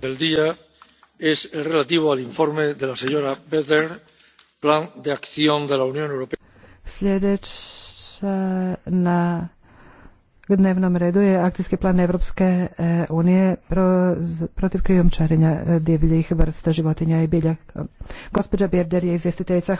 del día es el relativo al informe de la señora Beder, Plan de Acción de la Unión Europea. Sljedeća na dnevnom redu je akcijski plan Evropske e, unije pro, protiv krijomčarenja e, divljih vrsta životinja i biljaka. Gospođa Berder je izvjestiteljica.